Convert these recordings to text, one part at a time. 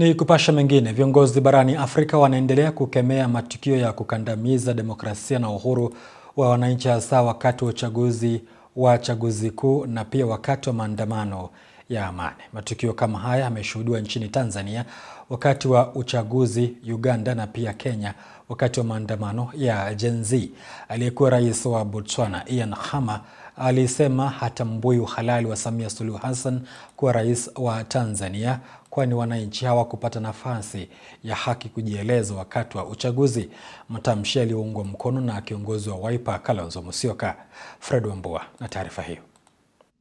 Ni kupasha mengine. Viongozi barani Afrika wanaendelea kukemea matukio ya kukandamiza demokrasia na uhuru wa wananchi, hasa wakati wa uchaguzi wa chaguzi kuu na pia wakati wa maandamano ya amani. Matukio kama haya yameshuhudiwa nchini Tanzania wakati wa uchaguzi, Uganda na pia Kenya wakati wa maandamano ya Gen Z. Aliyekuwa rais wa Botswana Ian Khama alisema hatambui uhalali wa Samia Suluhu Hassan kuwa rais wa Tanzania kwani wananchi hawakupata nafasi ya haki kujieleza wakati wa uchaguzi, matamshi yaliyoungwa mkono na kiongozi wa Wiper Kalonzo Musyoka. Fred Wambua na taarifa hiyo.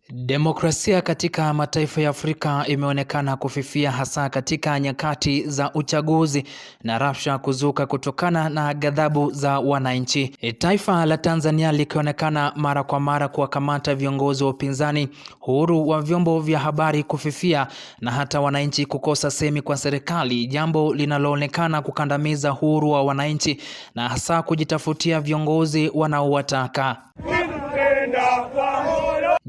Demokrasia katika mataifa ya Afrika imeonekana kufifia hasa katika nyakati za uchaguzi na rafsha kuzuka kutokana na ghadhabu za wananchi. E, taifa la Tanzania likionekana mara kwa mara kuwakamata viongozi wa upinzani, uhuru wa vyombo vya habari kufifia na hata wananchi kukosa semi kwa serikali, jambo linaloonekana kukandamiza uhuru wa wananchi na hasa kujitafutia viongozi wanaowataka.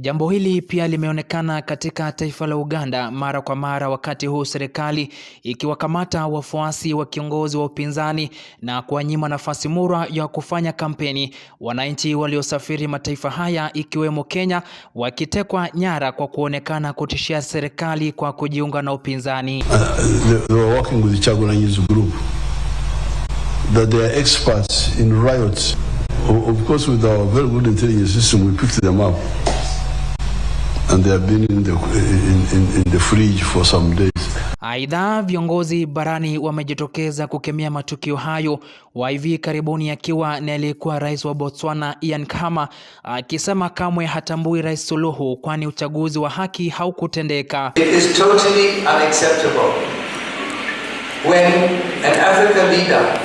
Jambo hili pia limeonekana katika taifa la Uganda mara kwa mara, wakati huu serikali ikiwakamata wafuasi wa kiongozi wa upinzani na kuwanyima nafasi mura ya kufanya kampeni. Wananchi waliosafiri mataifa haya ikiwemo Kenya wakitekwa nyara kwa kuonekana kutishia serikali kwa kujiunga na upinzani. Uh, Aidha, viongozi barani wamejitokeza kukemea matukio hayo, wa hivi karibuni akiwa ni aliyekuwa rais wa Botswana Ian Khama akisema kamwe hatambui Rais Suluhu kwani uchaguzi wa haki haukutendeka. It is totally unacceptable when an African leader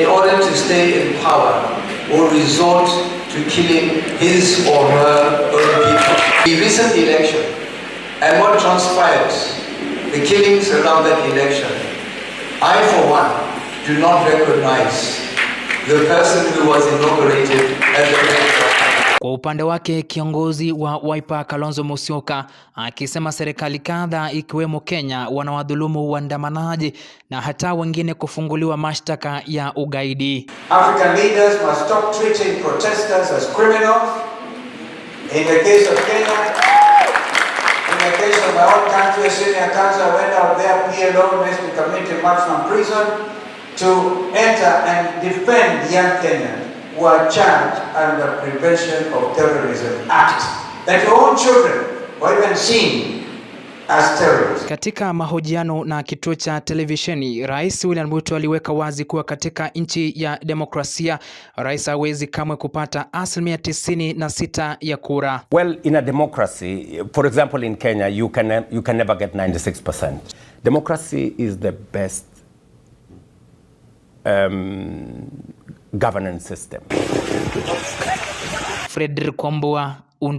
in order to stay in power will resort to killing his or her The recent election and what transpired, the killings around that election, I for one do not recognize the person who was inaugurated as the president. Kwa upande wake kiongozi wa Wiper Kalonzo Musyoka akisema serikali kadha ikiwemo Kenya wanawadhulumu waandamanaji na hata wengine kufunguliwa mashtaka ya ugaidi. African leaders must stop treating protesters as criminals. In the case of Kenya, in the case of my own country, senior council went out there, PLO, National committee, March from prison, to enter and defend young Kenyans who are charged under Prevention of Terrorism Act. That your own children, or even seen, Katika mahojiano na kituo cha televisheni, Rais William Ruto aliweka wazi kuwa katika nchi ya demokrasia, rais hawezi kamwe kupata asilimia tisini na sita ya kura. Well, in a democracy, for example in Kenya, you can, you can never get 96%. Democracy is the best um, governance system. Fredrick Kwambua, Undu